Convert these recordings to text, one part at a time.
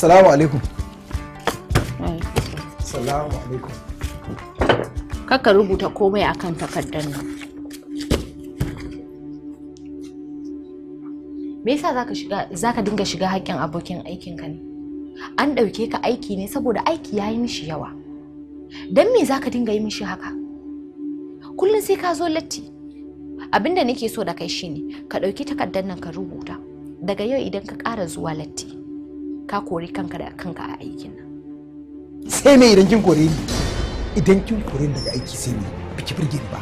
Salamu alaikum. Salamu alaikum. Kaka rubuta komai akan takardar nan. Me yasa zaka shiga ka dinga shiga haƙƙin abokin aikinka ne? An ɗauke ka aiki ne saboda aiki ya yi mishi yawa. Don me zaka dinga yi mishi haka? Kullum sai ka zo latti. Abinda nake so da kai shine ka ɗauki takardar nan ka rubuta. Daga yau idan ka ƙara zuwa latti. ka kori kanka da kanka a aikin nan sai me idan kin kore ni idan kin kore ni daga aiki sai me biki burge ni ba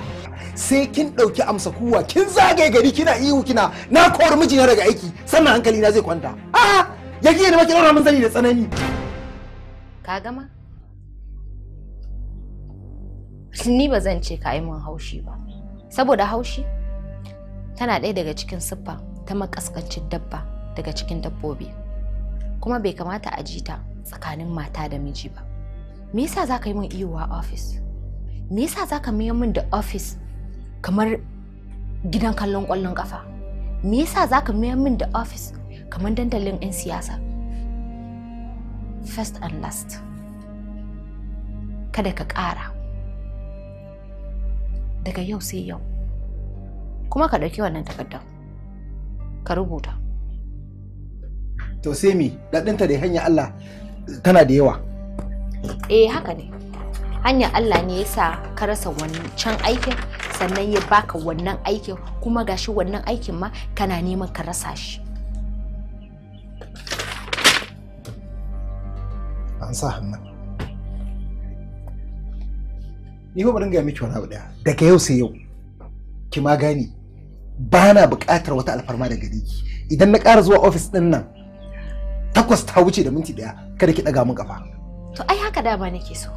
sai kin dauki amsa kuwa kin zagaye gari kina ihu kina na kori mijina daga aiki sannan hankali na zai kwanta a ya ne maki ki daura min sani da tsanani ka gama ni ba zan ce ka yi mun haushi ba saboda haushi tana ɗaya daga cikin siffa ta makaskancin dabba daga cikin dabbobi kuma bai kamata a ji ta tsakanin mata da miji ba me yasa za ka yi min iyo a ofis me yasa za ka mayar min da ofis kamar gidan kallon kwallon ƙafa? me yasa za ka mayar min da ofis kamar dandalin 'yan siyasa first and last kada ka ƙara daga yau sai yau kuma ka ɗauki wannan takardar ka rubuta to sai mi daɗinta da hanya Allah tana da yawa eh haka ne hanya Allah ne yasa ka rasa wancan aikin sannan ya baka wannan aikin kuma gashi wannan aikin ma kana neman ka rasa shi an sa hannun ni fa bari ga miki wani abu daya daga yau sai yau ki ma gani ba na buƙatar wata alfarma daga gare ki idan na ƙara zuwa ofis ɗin nan takwas ta wuce da minti daya kada ki daga min kafa to ai haka dama nake so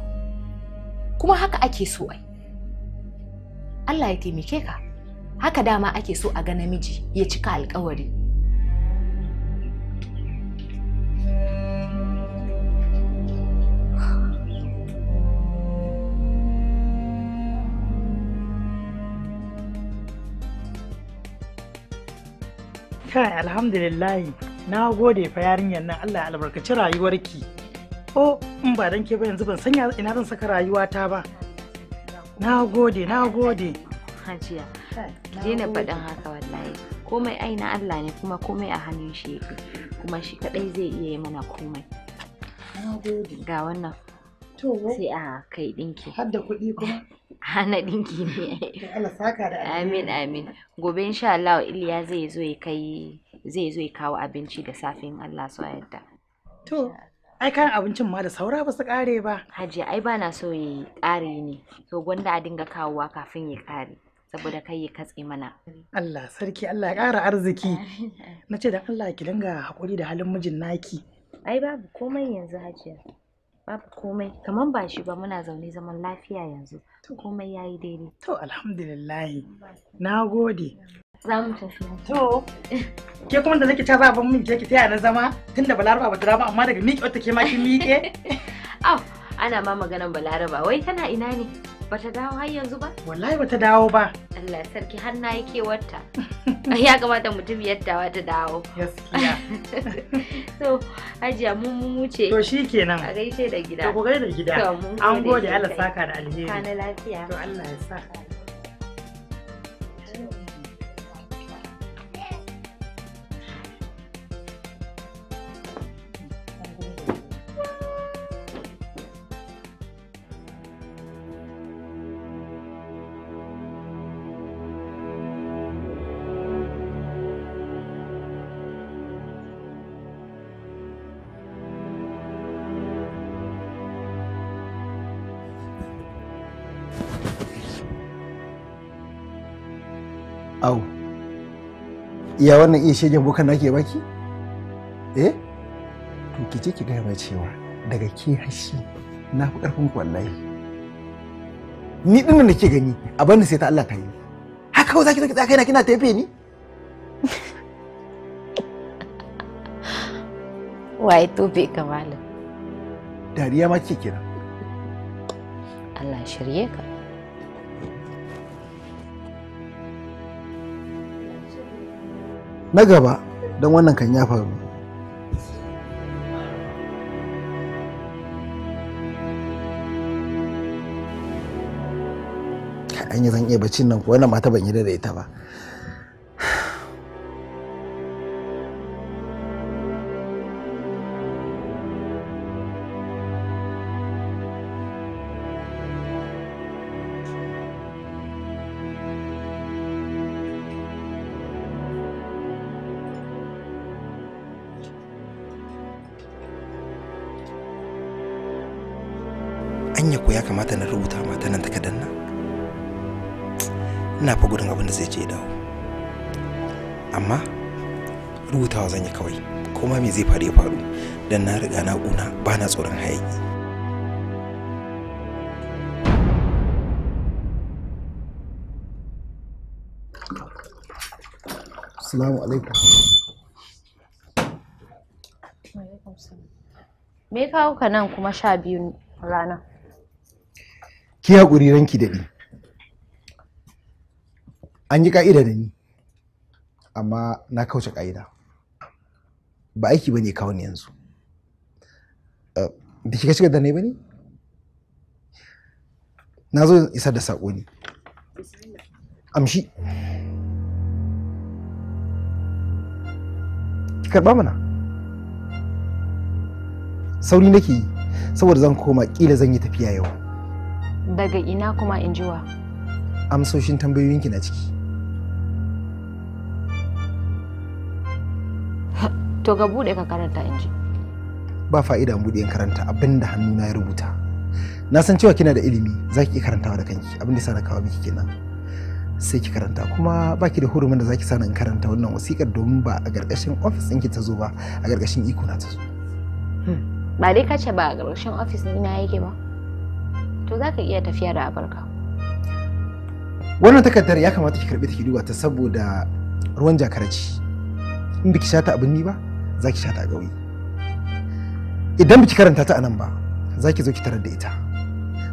kuma haka ake so ai Allah ya taimake ka haka dama ake so a ga namiji ya cika alkawari kai alhamdulillahi na gode fa yarinyar nan Allah ya albarkaci rayuwarki ko in ba dan ke ba yanzu ban sanya ina zan saka rayuwata ba na gode na gode hajiya daina faɗin haka wallahi komai ai na Allah ne kuma komai a hannun shi yake kuma shi kadai zai iya yi mana komai na ga wannan sai a kai dinki har da kuɗi kuma hana dinki ne Allah saka da amin amin gobe insha Allah Iliya zai zo ya kai zai zo ya kawo abinci da safin Allah so yadda to ai kan abincin ma da saura ba su kare ba haji ai ba na so yi kare ne to gwanda a dinga kawowa kafin ya kare saboda kai ya katse mana Allah sarki Allah ya ƙara arziki nace da Allah ki dinga haƙuri da halin mijin naki ai babu komai yanzu hajiya babu komai kaman ba shi ba muna zaune zaman lafiya yanzu komai yayi daidai to alhamdulillah na gode za mu tafi to ke kuma da nake ta za ban min ke ki taya na zama tunda balaraba ba ta ba amma daga miƙe wata ke ma kin miƙe au ana ma maganan balaraba wai tana ina ne bata dawo har yanzu ba wallahi bata dawo ba Allah sarki har na yi kewarta ya kamata mutum yadda ta dawo so hajiya mun mu to shi kenan a gaishe da gida to ku gaida gida an gode Allah saka da alheri kana lafiya to Allah ya saka iya wannan iya shegen bukan nake baki eh to ki je ki gaya mai cewa daga ke hashi na fi karfin ku wallahi ni din da nake gani abin da sai ta Allah ta yi haka kawai zaki zaki tsaya kaina kina tafe ni waye to ka kamala dariya ma ke kira Allah shirye ka na gaba don wannan kan ya faru an yi zan iya bacin nan ko wannan mata ban yi da ita ba dan na riga na kuna ba na tsoron hayaki Assalamu alaikum. Me kawo ka nan kuma sha biyu rana? Ki haƙuri ranki daɗi. An yi ƙa'ida da ni, amma na kauce ƙa'ida. Ba aiki ba ne kawo ni yanzu. Eh, da kika shiga da ne bane na zo isa da saƙo ne amshi ki karɓa mana sauri nake yi saboda zan koma ƙila zan yi tafiya yau daga ina kuma in jiwa amsoshin tambayoyinki na ciki to ga buɗe ka karanta in ji ba fa'ida mu in karanta abinda hannuna ya rubuta na san cewa kina da ilimi za ki iya karantawa da kanki abin da sa na kawo miki kenan sai ki karanta kuma baki da hurumin da zaki sana in karanta wannan wasikar domin ba a gargashin ofis ɗinki ta zo ba a gargashin iko na ta zo hmm. ba dai kace ba a gargashin ofis ɗina yake ba to za ka iya tafiya da abarka wannan takardar ya kamata ki karɓi ta ki duba ta saboda ruwan jakaraci in biki shata abin ni ba za ki shata a gauyi idan biki karanta ta anan ba za ki zo ki tarar da ita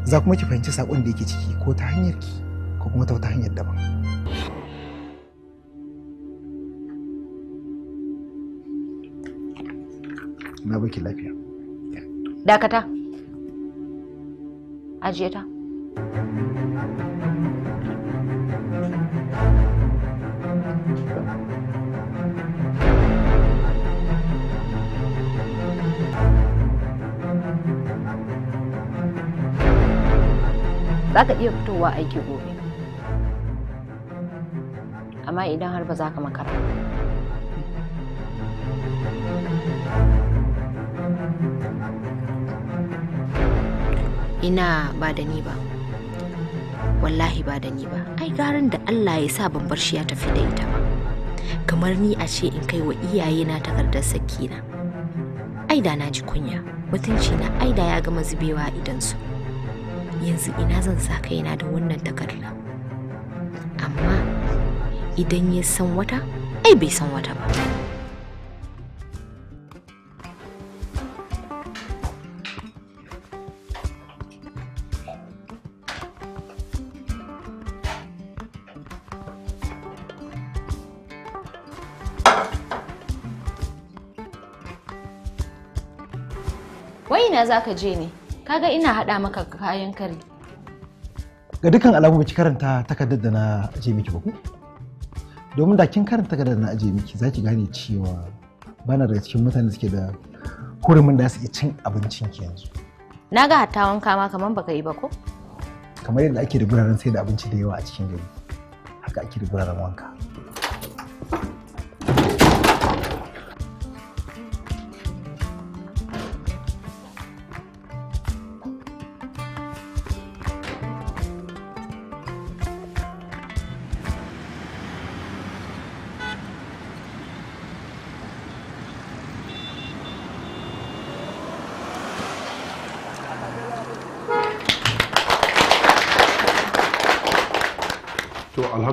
za kuma ki fahimci sakon da yake ciki ko ta hanyar ki ko kuma ta wata hanyar daban na baki lafiya dakata ajiye ta za ka iya fitowa aiki gobe amma idan har ba za ka makara ina ba da ni ba wallahi ba da ni ba ai garin da Allah ya sa ban bar shi ya tafi da ita ba kamar ni a ce in kai wa iyaye na takardar sakina ai da na ji kunya mutunci na ai ya gama zubewa idan su yanzu ina zan sa kaina da wannan takarda amma idan ya san wata ai bai san wata ba Wai ina za ka je ne? kaga ina haɗa maka kayan kari ga dukkan alamu ki karanta takardar da na aje miki ba ku domin da kin karanta takardar da na aje miki za ki gane cewa bana daga cikin mutane suke da hurumin da su cin abincin ki yanzu na ga hatta wanka ma kamar baka yi ba ko kamar yadda ake da guraren sai da abinci da yawa a cikin gari haka ake da guraren wanka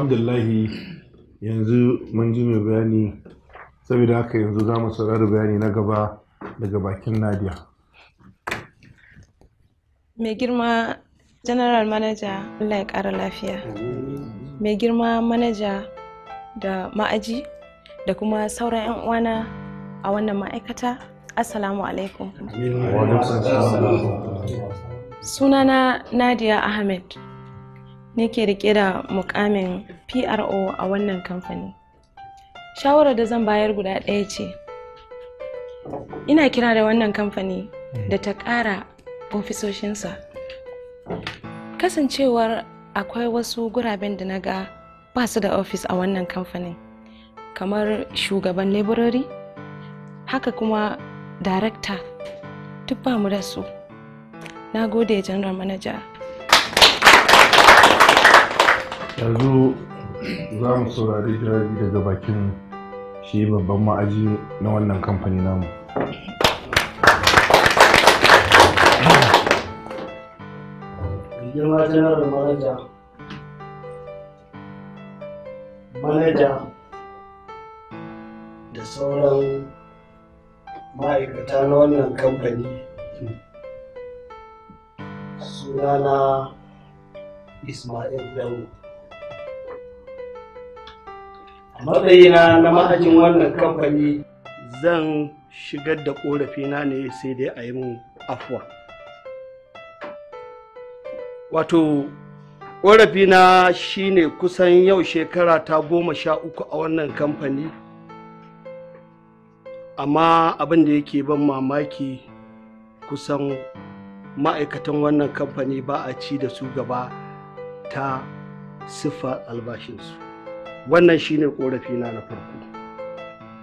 alhamdulillahi yanzu mun ji mai bayani saboda haka yanzu za mu saurari bayani na gaba daga bakin nadia mai girma general manager allah ya kara lafiya mai girma manager da ma'aji da kuma sauran 'yan uwana a wannan ma'aikata assalamu alaikum sunana nadia ahmed ke rike da mukamin PRO a wannan kamfani. Shawarar da zan bayar guda ɗaya ce. Ina kira da wannan kamfani hmm. da ta ƙara ofisoshinsa. Kasancewar akwai wasu guraben da na ga ba su da ofis a wannan kamfanin, kamar shugaban laborari, haka kuma darakta duk ba mu da su. Na gode, General Manager. yanzu za mu saurari jawabi daga bakin shi babban ma'aji na wannan kamfani namu girma janar manaja manaja da sauran ma'aikata na wannan kamfani sunana ismail dawo matsayina na ma'ajin wannan kamfani zan shigar da korafina ne sai dai a yi mun afuwa wato korafina shine kusan yau shekara ta goma sha uku a wannan kamfani amma abin da yake ban mamaki kusan ma'aikatan wannan kamfani ba a ci da su gaba ta siffar albashinsu wannan shine korafina na farko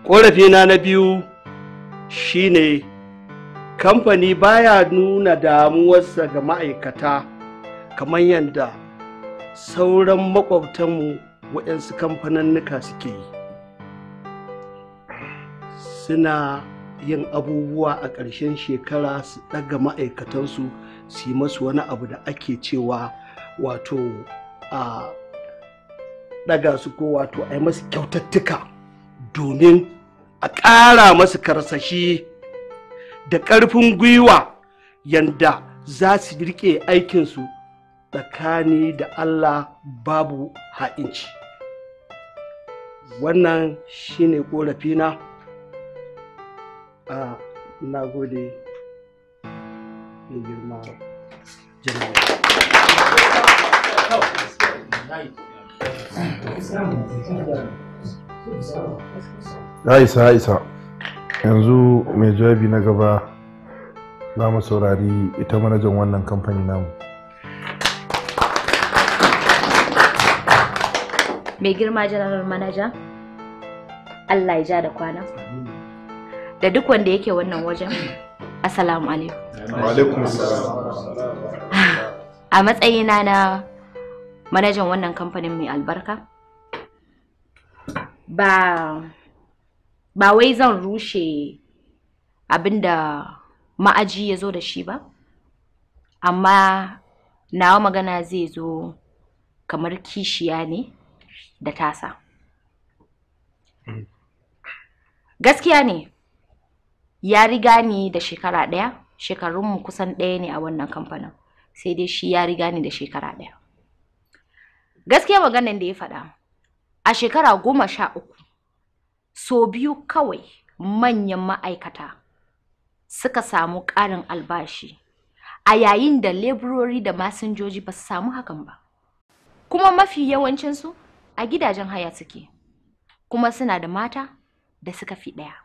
ƙorafina na biyu shine kamfani baya nuna damuwarsa ga ma'aikata kamar yadda sauran makwabtanmu waɗansu kamfaninnika suke yi suna yin abubuwa a ƙarshen shekara su ɗaga ma'aikatansu su yi masu wani abu da ake cewa wato a ah, ɗaga su ko wato a yi masu kyautattuka domin a ƙara masu karsashi da ƙarfin gwiwa yanda za su riƙe aikinsu tsakani da Allah babu ha'inci. Wannan shi ne ƙorafina a ah, nagode girma jama'a. ya isa isa yanzu mai jawabi na gaba za mu saurari ita manajan wannan kamfani namu mai girma janarar manaja allah ya ja da kwana da duk wanda yake wannan wajen assalamu alaikum Wa a matsayina na manajan wannan kamfanin mai albarka ba ba wai zan rushe abinda ma'aji ya zo da shi ba amma nawa magana zai zo kamar kishiya ne da tasa gaskiya ne ya riga ni da shekara ɗaya shekarunmu kusan ɗaya ne a wannan kamfanin sai dai shi ya riga ni da shekara ɗaya gaskiya maganan da ya faɗa a shekara goma sha uku so biyu kawai manyan ma'aikata suka samu ƙarin albashi a yayin da leburori da masinjoji ba su samu hakan ba kuma mafi yawancinsu a gidajen haya suke kuma suna da mata da suka fi ɗaya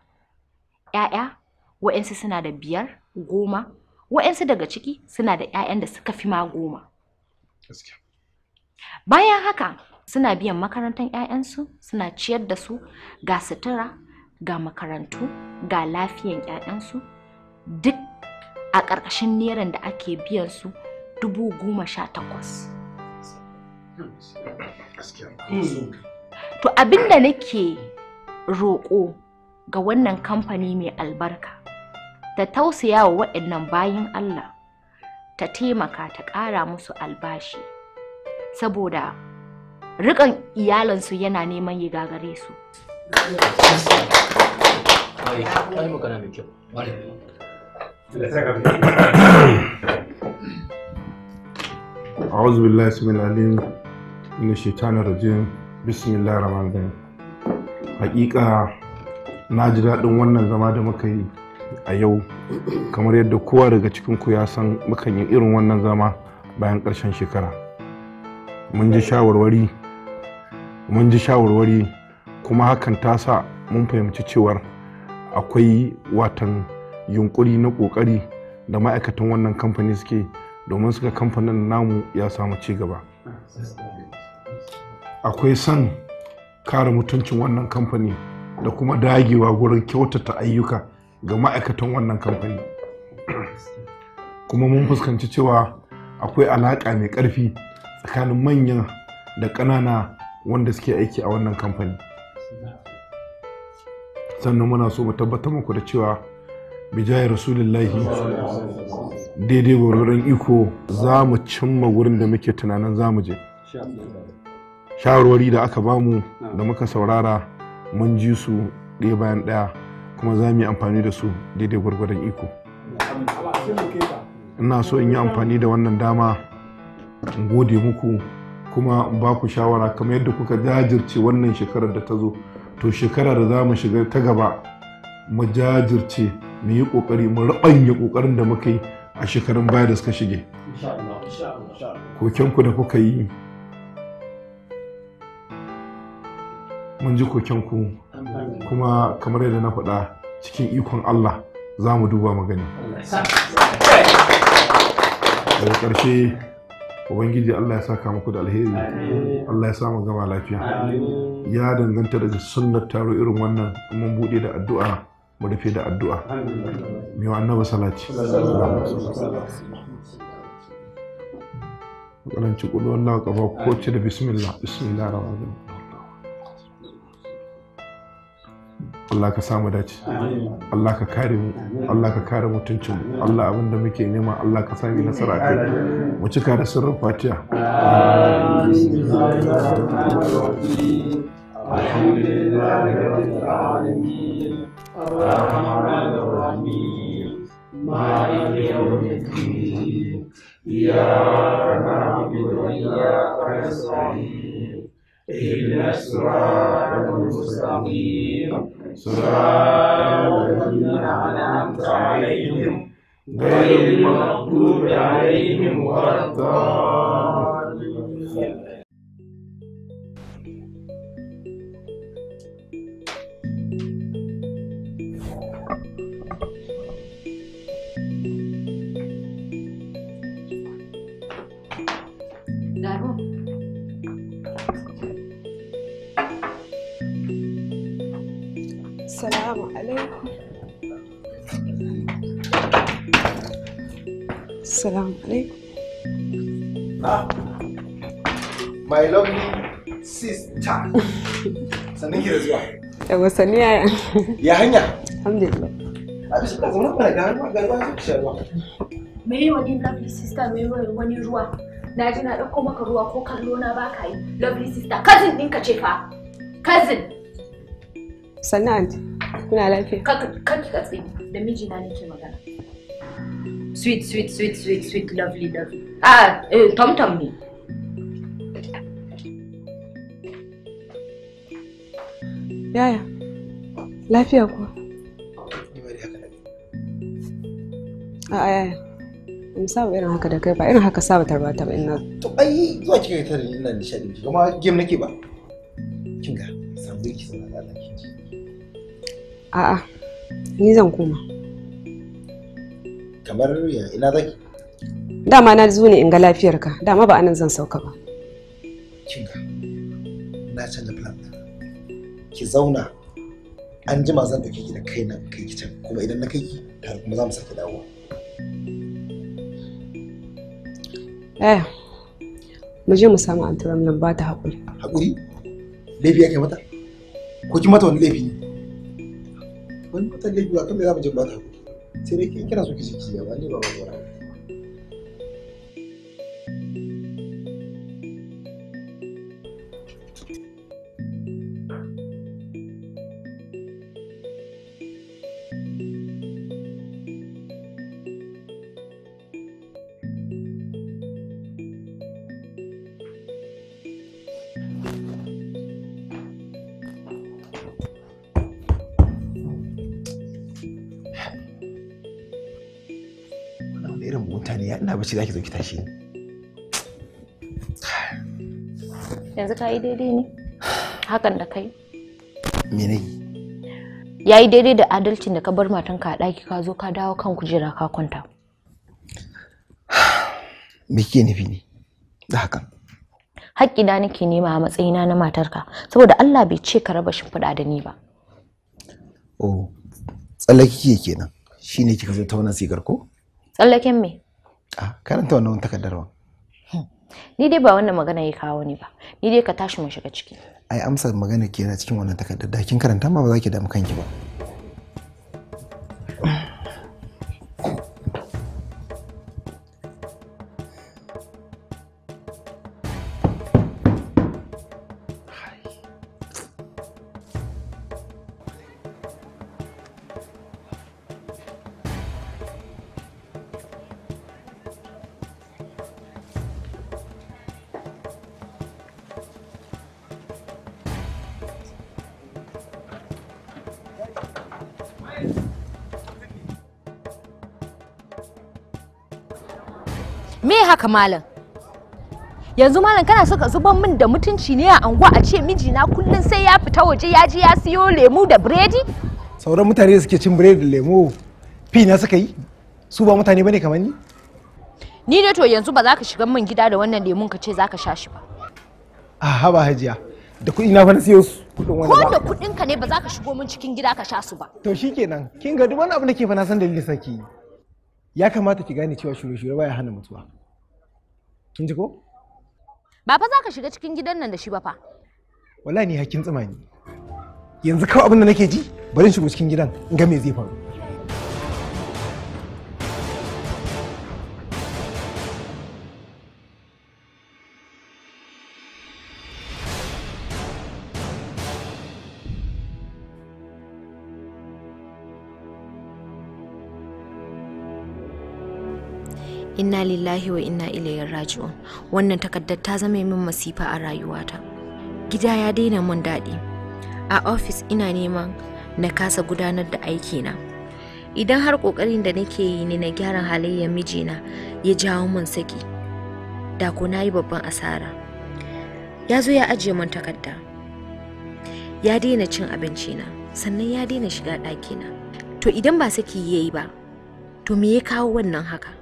‘ya'ya wa'yansu suna da biyar goma wa'yansu daga ciki suna da ‘ya'yan da suka fi ma goma Bayan haka suna biyan makarantar 'ya'yansu suna ciyar da su ga sutura ga makarantu ga lafiyan 'ya'yansu duk a ƙarƙashin neran da ake biyan su dubu goma sha takwas. To abinda nake roƙo ga wannan kamfani mai albarka ta tausaya wa waɗannan bayan Allah ta taimaka ta ƙara musu albashi. saboda rikan iyalansu yana neman yi gagare su أعوذ بالله اسم العليم من الشيطان الرجيم بسم الله الرحمن الرحيم حقيقة na ji daɗin wannan zama da muka yi a yau kamar yadda kowa daga cikinku ya san mukan yi irin wannan zama bayan ƙarshen shekara mun ji shawarwari mun ji shawarwari kuma hakan ta sa mun fahimci cewar akwai watan yunkuri na kokari da ma'aikatan wannan kamfani suke domin suka kamfanin namu ya samu ci gaba akwai son kare mutuncin wannan kamfani da kuma dagewa gurin kyautata ayyuka ga ma'aikatan wannan kamfani kuma mun fuskanci cewa akwai alaƙa mai ƙarfi tsakanin manya da ƙanana wanda suke aiki a wannan kamfani sannan muna so mu tabbatar muku da cewa bijaya rasulullahi daidai gwargwaron iko za mu cimma wurin da muke tunanin za mu je shawarwari da aka bamu da muka saurara mun ji su ɗaya bayan ɗaya kuma za mu yi amfani da su daidai gwargwaron iko ina so in yi amfani da wannan dama in gode muku kuma in ba ku shawara kamar yadda kuka jajirce wannan shekarar da ta zo to shekarar da za mu shiga ta gaba mu jajirce mu yi kokari mu rabanya kokarin da muka yi a shekarun baya da suka shige kokenku da kuka yi mun ji kokenku kuma kamar yadda na faɗa cikin ikon Allah za mu duba magani. gani daga ƙarshe ubangiji Allah ya saka muku da alheri Allah ya sa mu gama lafiya ya danganta daga sunnar taro irin wannan mun bude da addu'a mu rufe da addu'a mai annabi salati karanci kudu wannan kafa ko ce da bismillah bismillah rahmanir Allah ka samu dace Allah ka kare mu Allah ka kare mutuncin mu Allah abin da muke nema Allah ka sami nasara a kai mu cika da sirrin fatiha الحمد لله رب العالمين الرحمن الرحيم مالك اهدنا الصراط المستقيم صراط الذين عليهم غير المغضوب عليهم ولا الضالين Assalamu alaikum. Na, my lovely sister. Sannan ki da zuwa. Yawa sani yaya. Ya hanya? Alhamdulillah. A bisa ka zama mana ganuwa ganuwa su ci Me yi wani lovely sister me wani ruwa? Na ji na ɗauko maka ruwa ko kallo na ba ka yi. Lovely sister, cousin ɗinka ce fa. Cousin. Sannan, kuna lafiya? Kaki katsi da mijina nake magana. Sweet, sweet, sweet, sweet, sweet, lovely, lovely. Ah, uh, Tom Tom ne. Yaya, lafiya kuwa? A'a ah, ah, yaya, in saba irin haka da ba irin haka ba To zuwa kika ta A'a, ah, ni zan koma. kamar ya ina zaki dama na zo ne in ga lafiyarka dama ba anan zan sauka ba kinga na canza plan ki zauna an jima zan dauke ki da kai kaina kai ki can kuma idan na kai ki tare kuma za mu saki dawo eh mu je mu samu anturam nan ba ta hakuri hakuri laifi yake mata ko ki mata wani laifi ne wani mata laifi ba kamar za mu je ba ta haƙuri sai dai kira so ki jiki ya ba ne ba lokaci za ki zo ki tashi ni yanzu ka yi daidai ne hakan da kai me ne ya yi daidai da adalcin da ka bar matanka a ɗaki ka zo ka dawo kan kujera ka kwanta me ke nufi ne da hakan haƙƙi da nake nema a matsayina na matarka saboda Allah bai ce ka raba shimfiɗa da ni ba oh tsallake kenan shine kika zo ta wannan sigar ko tsallaken me a ah, karanta wannan takardar ba hmm. ni dai ba wannan magana ya kawo ni ba ni dai ka tashi mu shiga ciki ai amsar magana ke na cikin wannan takardar da kin karanta ma ba za ki damu kanki ba haka malam yanzu malam kana so ka zubar min da mutunci ne a anguwa a ce mijina kullum sai ya fita waje ya je ya siyo lemu da biredi sauran mutane da suke cin biredi da lemu fi na suka yi su ba mutane bane kamar ni ni ne to yanzu ba za ka shiga min gida da wannan lemun ka ce za ka sha shi ba a ah, haba hajiya da kuɗi na fara siyo su kuɗin wani ko da kuɗin ka ne ba za ka shigo min cikin gida ka sha su ba to shikenan kin ga duk wani abu da ke fa na san dalilin saki ya kamata ki gane cewa shure-shure baya hana mutuwa kin ji ko ba za ka shiga cikin gidan nan da shi ba fa wallahi ni hakkin tsima yanzu kawai abin da nake ji bari shigo cikin gidan in ga me zai faru inna lillahi wa inna ilayhi raji'un wannan takaddar ta zama min masifa a rayuwata gida ya daina mun daɗi a ofis ina neman na kasa gudanar da aikina idan har ƙoƙarin da nake yi ne na gyaran halayyar mijina ya jawo mun saki da ko na yi babban asara ya zo ya ajiye mun takarda ya daina cin abinci na. sannan ya daina shiga ɗakina to idan ba saki yayi ba to me ya kawo wannan haka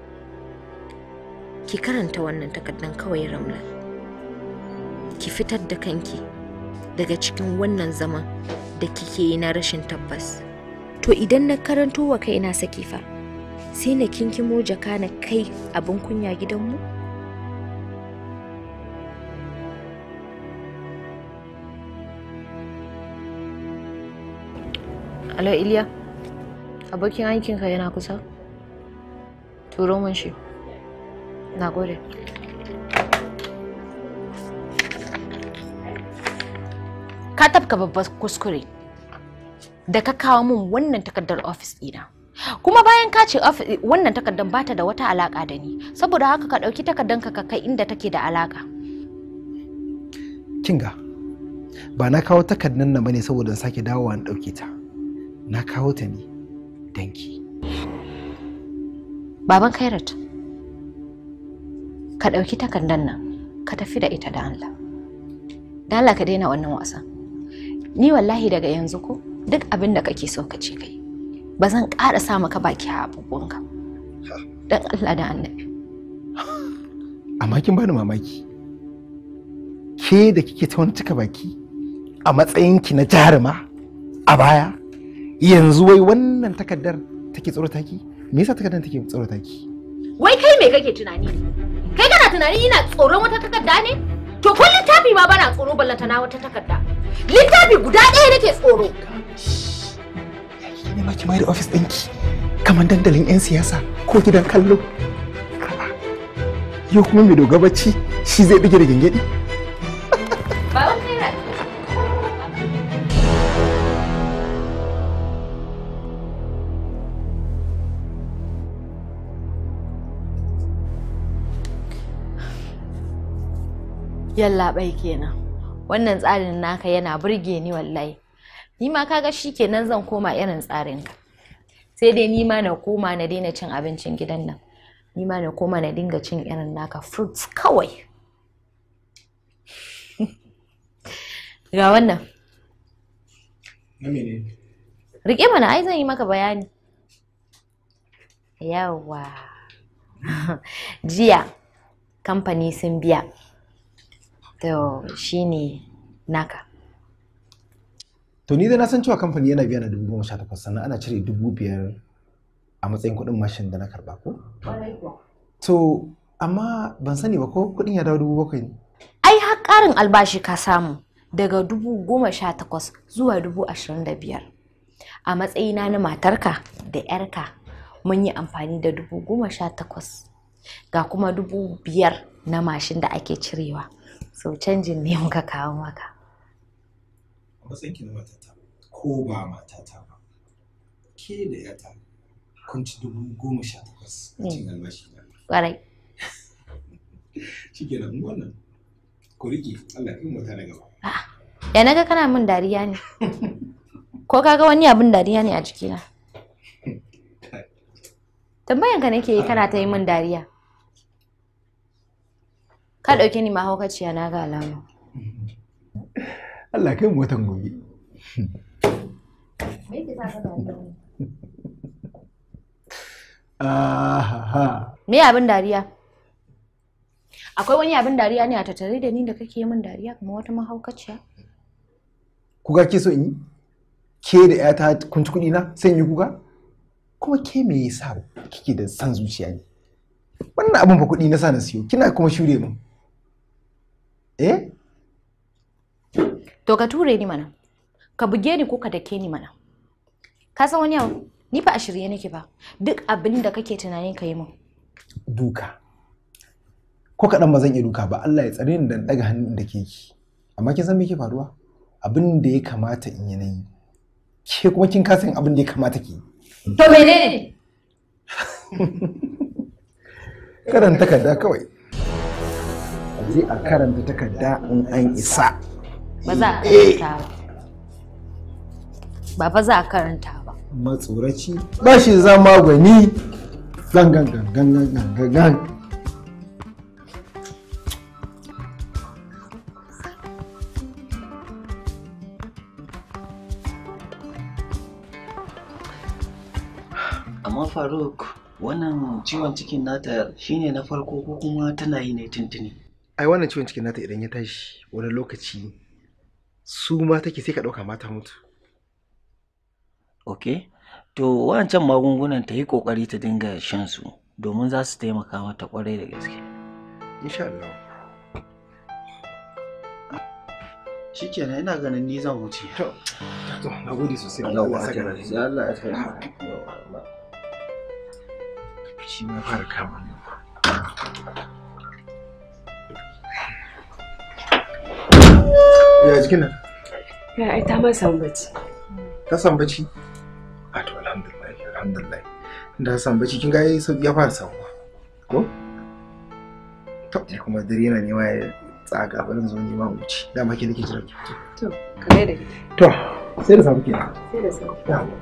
ki karanta wannan takardan kawai ramla ki fitar da kanki daga cikin wannan zaman da kike yi na rashin tabbas to idan na karanto wa kaina saki fa sai na kinkimo jaka na kai abin kunya gidanmu alo iliya abokin aikinka yana kusa turo mun shi Na Ka tafka babbar kuskure da ka kawo min wannan takardar ofis ɗina. Kuma bayan ka ce wannan takardar bata da wata alaƙa da ni, saboda haka ka ɗauki takardar ka kai inda take da alaƙa. Kinga, ba na kawo takardar nan bane saboda in sake dawowa in ɗauke ta. Na kawo ta ne danki. Baban Kairat. ka ɗauki takardar nan ka tafi da ita da Allah da Allah ka daina wannan wasa ni wallahi daga yanzu ko duk abin da kake so ka ce kai ba zan ƙara sa maka baki a abubuwanka dan Allah da annabi amma kin bani mamaki ke da kike ta wani cika baki a matsayinki na jaruma a baya yanzu wai wannan takardar take tsoro taki me yasa takardar take tsoro taki wai kai me kake tunani ne Kai kana tunanin ina tsoron wata takarda ne? To kun littafi ma bana tsoro ballanta na wata takarda. Littafi guda ɗaya nake tsoro. Ne ma mai da office ɗinki kamar dandalin 'yan siyasa ko gidan kallo. Yau kuma mai dogabaci shi zai bige da gingedi bai kenan wannan tsarin naka yana burge ni wallahi ni ma kaga shi kenan zan koma irin tsarin ka. sai dai ni ma na koma na daina cin abincin gidan nan ni ma na koma na dinga cin irin naka fruits kawai ga wannan rike mana ai zan yi maka bayani yawa jiya kamfani sun biya to shine naka to ni da na san cewa kamfani yana biya na dubu goma sha takwas sannan ana cire dubu biyar a matsayin kuɗin mashin da na karɓa ko to amma ban sani ba ko kuɗin ya dawo dubu bakwai ne ai har ƙarin albashi ka samu daga dubu goma sha takwas zuwa dubu ashirin da biyar a matsayina na matarka da 'yarka mun yi amfani da dubu goma sha takwas ga kuma dubu biyar na mashin da ake cirewa so canjin ne muka kawo maka a matsayinki na matata ko ba matata ba ke da yata kun ci dubu goma sha takwas a cikin albashi na ƙwarai shi ke nan wannan ku riƙe Allah in mata na gaba ya naga kana min dariya ne ko kaga wani abin dariya ne a jikina tambayanka nake kana ta yi min dariya ka ɗauke ni mahaukaciya na ga alama Allah kai mu watan gobe me abin dariya akwai wani abin dariya ne a tattare da ni da kake min dariya kuma wata mahaukaciya kuka ke so in yi ke da ya ta kunci kuɗi na sai yi kuka kuma ke me yasa kike da san zuciya ne wannan abin fa kuɗi na sa na siyo kina kuma shure mu. eh to ka ture ni mana ka buge ni ko ka dake ni mana ka san wani abu ni fa a shirye nake ba duk abin da kake tunanin ka yi min duka ko kaɗan ba zan iya duka ba Allah ya tsare ni dan daga hannun da ke ki amma kin san me ke faruwa abin da ya kamata in yi na yi ke kuma kin kasan abin da ya kamata ki to menene ka takarda kawai sai a karanta takarda in an isa ba za a eh. karanta ba ba za a karanta ba matsoraci ba shi zama gwani gangan gangan gangan amma faruk wannan ciwon cikin nata shine na farko ko kuma tana yi ne tuntuni ai wannan ciwon cikin nata idan ya tashi wani lokaci su ma take sai ka ɗauka mata mutu ok to wancan magungunan ta yi ƙoƙari ta dinga shan su domin za su taimaka mata ƙwarai da gaske insha Allah shikenan ina ganin ni zan wuce to to gode sosai Allah ya saka Allah ya saka shi ma fara kama ne Ya jikin nan? Ya ai ta ma samu bacci. Ta samu A ah, to alhamdulillah alhamdulillah. Da sambaci bacci kin ga ya fara samuwa. Ko? To ni kuma dare yana nema ya tsaga barin zo ma wuce. Da ma ke nake jira. To ka ga da gida. To sai da samu kenan. Sai da samu. Yawa.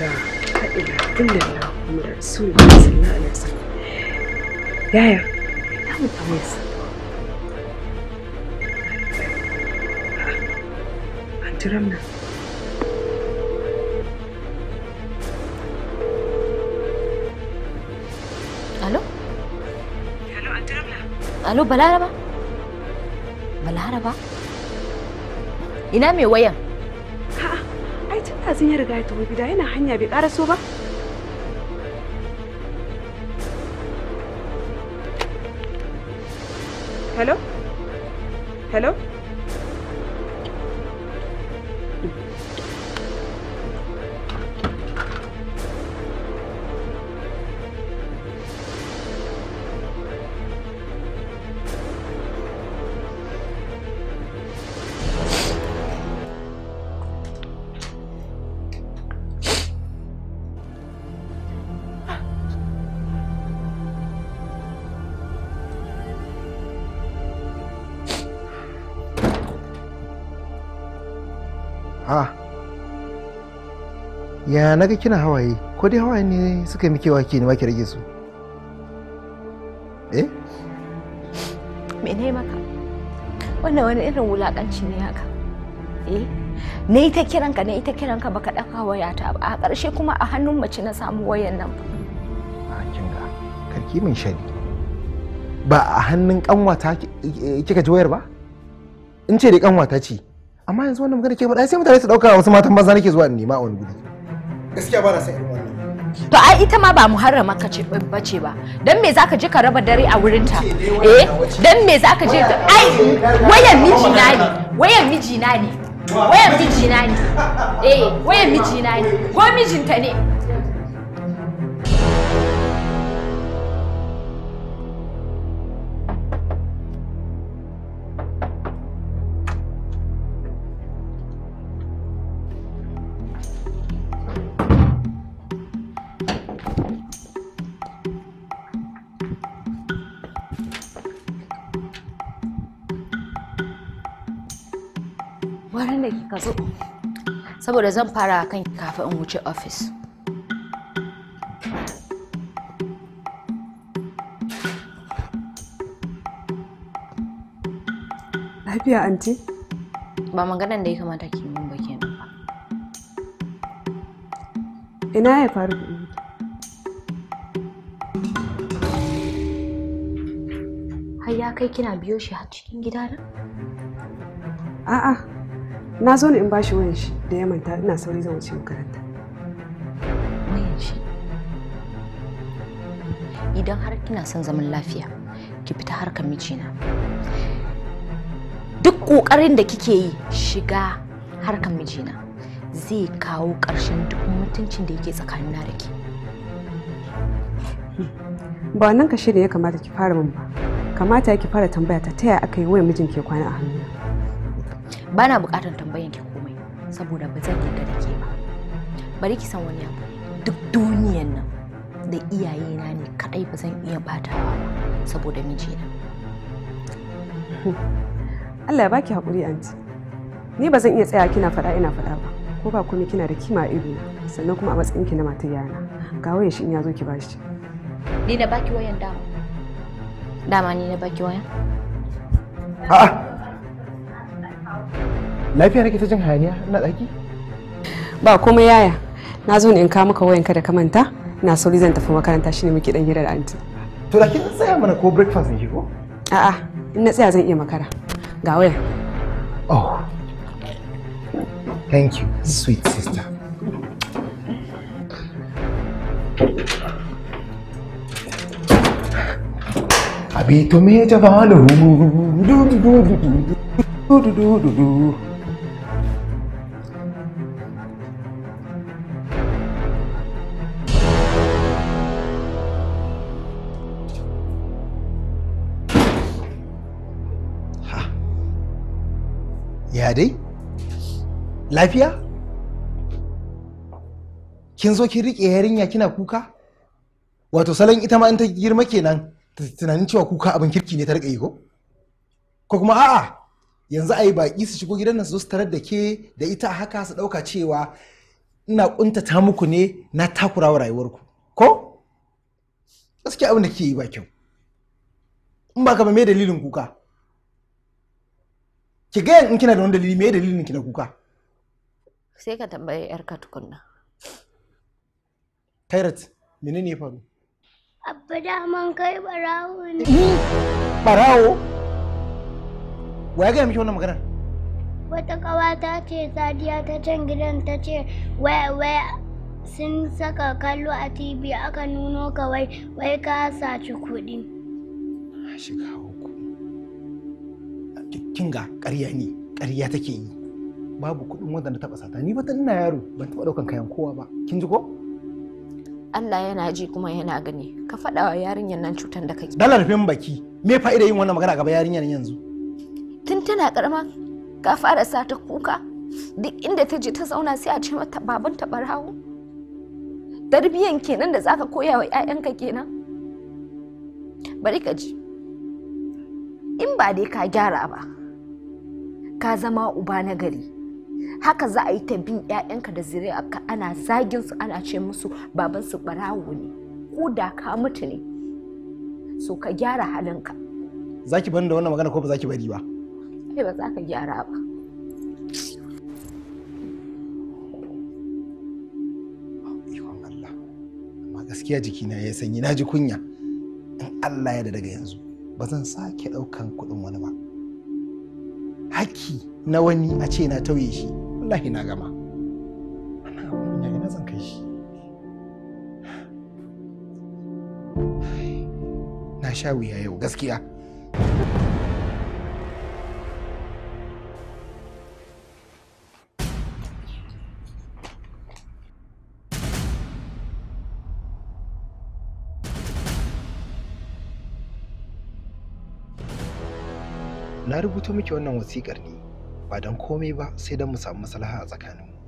لا اله الا الله محمد رسول الله صلى الله عليه وسلم yaya ya mutane su an jiran nan alo alo an jiran nan alo balaraba balaraba ina mai wayan sun yi riga ya tafi gida yana hanya bai karaso ba hello hello ya naga kina hawaye ko dai hawaye ne suka yi miki waki ne ma ki rage su eh me ne maka wannan wani irin wulakanci ne haka eh ne ita kiranka ne ita kiranka baka ɗauka wayata ba a ƙarshe kuma a hannun mace na samu wayan nan ba kin ga karki min shari ba a hannun kanwata kika ji wayar ba in ce dai kanwata ce amma yanzu wannan magana ke faɗa sai mutane su ɗauka wasu matan maza nake zuwa in nema a wani guri gaskiya ba na san irin wannan to ai ita ma ba muharrama ka ce bace ba dan me zaka je ka raba dare a wurin ta eh dan me zaka je ai wayan miji na ne wayan miji na ne wayan miji na ne eh wayan miji na ne ko mijinta ne ka zo saboda zan fara kan kafin in wuce ofis lafiya anti ba maganan da ya kamata ki min ba kenan ba ina ya faru har ya kai kina biyo shi a cikin gidana a'a na zo ne in bashi wayan shi da ya manta ina sauri zan wuce makaranta wayan shi idan har kina son zaman lafiya ki fita harkar mijina duk ƙoƙarin da kike yi shiga harkar mijina zai kawo ƙarshen duk mutuncin da yake tsakanin na da ke ba nan kashe ne ya kamata ki fara min ba kamata ya ki fara tambaya ta taya aka yi wayan mijin ke kwana a hannu Bana buƙatar tambayan ki komai saboda ba zan yarda da ke ba bari ki san wani abu duk duniyan nan da iyayena ne kadai ba zan iya batawa ba saboda mijina Allah ya baki hakuri anti ni ba zan iya tsaya kina faɗa ina faɗa ba ko ba kuma kina da kima ido sannan kuma a matsayin ki na matar yana ga waya shi in yazo ki bashi ni na baki wayan dama dama ni na baki wayan a'a lafiya nake ta jin hayaniya ina daki ba komai yaya na zo ne in ka maka wayanka da ka manta na sauri zan tafi makaranta shine muke dan hira da anti to da kin tsaya mana ko breakfast ne ko a'a in na tsaya zan iya makara ga waya oh thank you sweet sister Abi أبيت ميت فعله lafiya kin zo kin riƙe yarinya kina kuka wato salon ita ma in ta girma kenan tunanin cewa kuka abin kirki ne ta riƙe yi ko ko kuma a'a yanzu a yi baƙi su shigo gidan nan su zo su tarar da ke da ita haka su ɗauka cewa ina ƙuntata muku ne na takura wa rayuwarku ko gaskiya abin da kike yi ba kyau in ba ka ba me dalilin kuka ki ga in kina da wani dalili me dalilin ki na kuka sai ka tambaye yarka tukunna kairat menene ya faru abba daman kai barawo ne barawo wa ya gaya miki wannan maganar wata ta ce sadiya ta can gidan ta ce wai wai sun saka kallo a tv aka nuno ka wai wai ka saci kuɗi shiga uku kinga ƙarya ne ƙarya take yi babu kuɗin wanda na taɓa sata ni ba ina yaro ban taɓa ɗaukan kayan kowa ba kin ji ko Allah yana ji kuma yana gani ka faɗa wa yarinyar nan cutar da kake Dalar fim baki me fa'ida yin wannan magana gaba yarinyar yanzu tun tana karama ka fara sata kuka duk inda ta je ta zauna sai a ce mata baban ta barawo tarbiyyan kenan da zaka koya wa 'ya'yanka kenan bari ka ji in ba dai ka gyara ba ka zama uba na gari haka za a yi ta bin 'ya'yanka da zuri'arka ana zagin su ana ce musu baban su barawo ne ko da ka mutu ne so ka gyara halinka za ki bani da wannan magana ko ba za ki bari ba kai eh, ba za ka gyara ba gaskiya jikina ya sanyi na ji kunya in Allah ya da daga yanzu ba zan sake ɗaukan kuɗin wani ba haki na wani a ce na tauye shi wallahi na gama ana abin ina zan kai shi na sha wuya yau gaskiya na rubuto miki wannan wasikar ne ba don komai ba sai don mu samu maslaha a tsakaninmu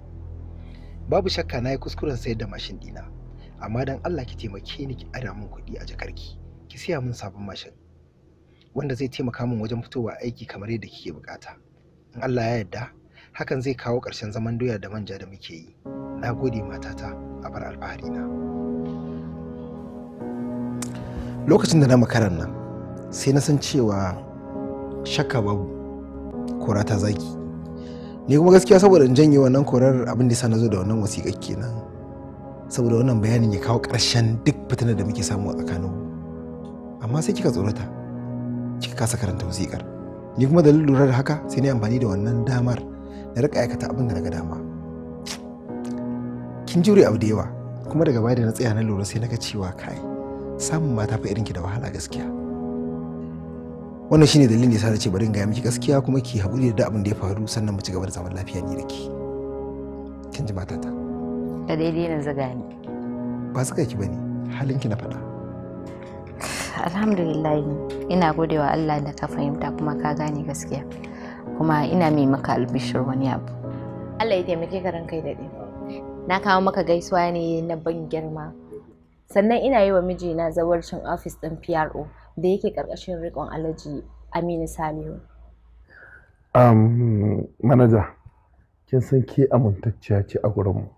babu shakka na yi kuskuren sayar da mashin ɗina amma don allah ki taimake ni ki ara min kuɗi a jakar ki ki siya min sabon mashin wanda zai taimaka min wajen fitowa aiki kamar yadda kike bukata in allah ya yarda hakan zai kawo ƙarshen zaman doya da manja da muke yi na gode matata a bar alfahari na lokacin da na makaran nan sai na san cewa shakka babu kora ta zaki ni kuma gaskiya saboda in janye wannan korar abin da na zo da wannan wasiƙa kenan saboda wannan bayanin ya kawo ƙarshen duk fitinar da muke samu a tsakaninmu amma sai kika tsorata kika kasa karanta wasiƙar ni kuma da lura da haka sai ni amfani da wannan damar na rika aikata abin da na ga dama kin jure abu da yawa kuma daga baya da na tsaya na lura sai na ga cewa kai samun mata fa irinki da wahala gaskiya wannan shine dalilin da yasa ce bari in gaya miki gaskiya kuma ki haƙuri da abin da ya faru sannan mu ci gaba da zaman lafiya ni da ki kin ji matata da daidai na zaga ni ba zaga ki bane halin ki na faɗa alhamdulillah ina godewa Allah da ka fahimta kuma ka gane gaskiya kuma ina mai maka albishir wani abu Allah ya taimake ka kai da na kawo maka gaisuwa ne na ban girma sannan ina yi wa mijina zawarcin ofis ɗin PRO da yake ƙarƙashin rikon alhaji aminu salihu manaja kin san ke amintacciya ce a gurinmu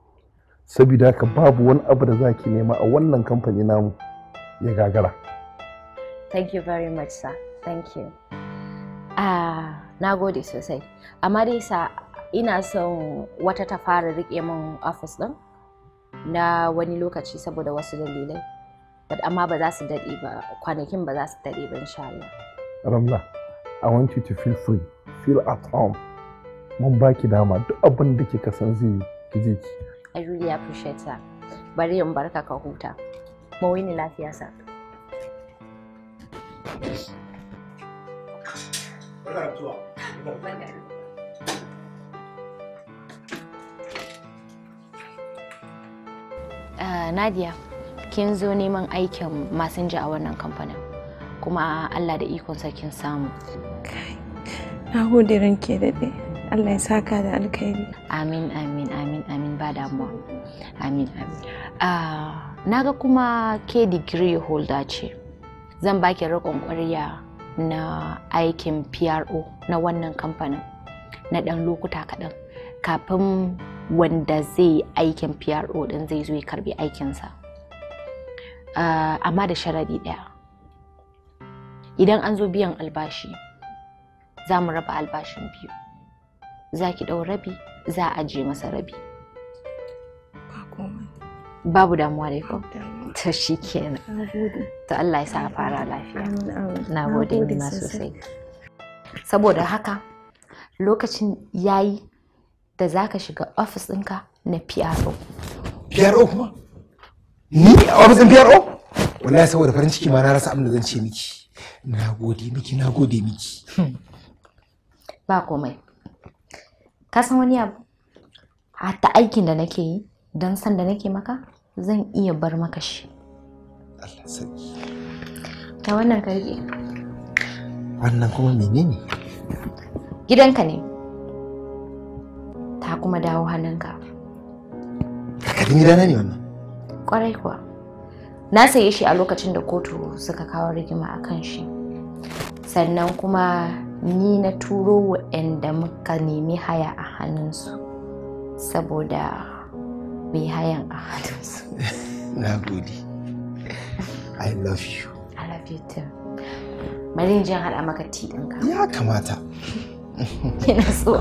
saboda haka babu wani abu da zaki nema a wannan kamfani namu ya gagara thank you very much sir thank you ah, na gode sosai amma dai sa ina son wata ta fara riƙe min office ɗin na wani lokaci saboda wasu dalilai amma ba za su daɗe ba kwanakin ba za su daɗe ba insha Allah Ramla I want you to feel free feel at home mun baki dama duk abin da kika san zai ki je ki I really appreciate that bari in barka ka huta mu wuni lafiya sa Uh, Nadia, kin zo neman aikin masinja a wannan kamfanin kuma Allah da ikon kin samu na gode ranke daɗe Allah ya saka da alkhairi amin amin amin amin ba damuwa amin amin ah, na ga kuma ke digiri holder ce zan baki riƙon ƙwarya na aikin PRO na wannan kamfanin na ɗan lokuta kaɗan kafin wanda zai aikin PRO ɗin zai zo ya karbi aikinsa. Ah, amma da sharadi ɗaya idan an zo biyan albashi za mu raba albashin biyu za ki ɗau rabi za a je masa rabi babu damuwa da ko ta shi kenan to Allah ya sa a fara lafiya na gode ma sosai saboda haka lokacin yayi da zaka shiga ofis ɗinka na PRO PRO kuma ni a ofisin PRO wallahi saboda farin ciki ma na rasa abin da zan ce miki na gode miki na gode miki hmm. ba komai ka san wani abu hatta aikin da nake yi don san da nake maka zan iya bar maka shi Allah sarki ta wannan ka rike wannan kuma menene gidanka ne ta kuma dawo hannunka Ka kakadin gidana ne wannan Kwarai kuwa. Na saye shi a lokacin da kotu suka kawo rigima a kan shi. Sannan kuma ni na turo waɗanda muka nemi haya a hannunsu saboda mai hayan a hannunsu. Na gode. I love you. I love you too. Bari jin haɗa maka ti ɗinka. Ya kamata. Kina so.